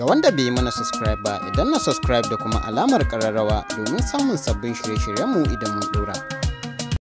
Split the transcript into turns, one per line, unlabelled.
Ga wanda bai
yi mana subscribe ba, idan na subscribe da kuma alamar ƙararrawa domin samun sabbin shirye-shiryenmu
idan mun ɗora.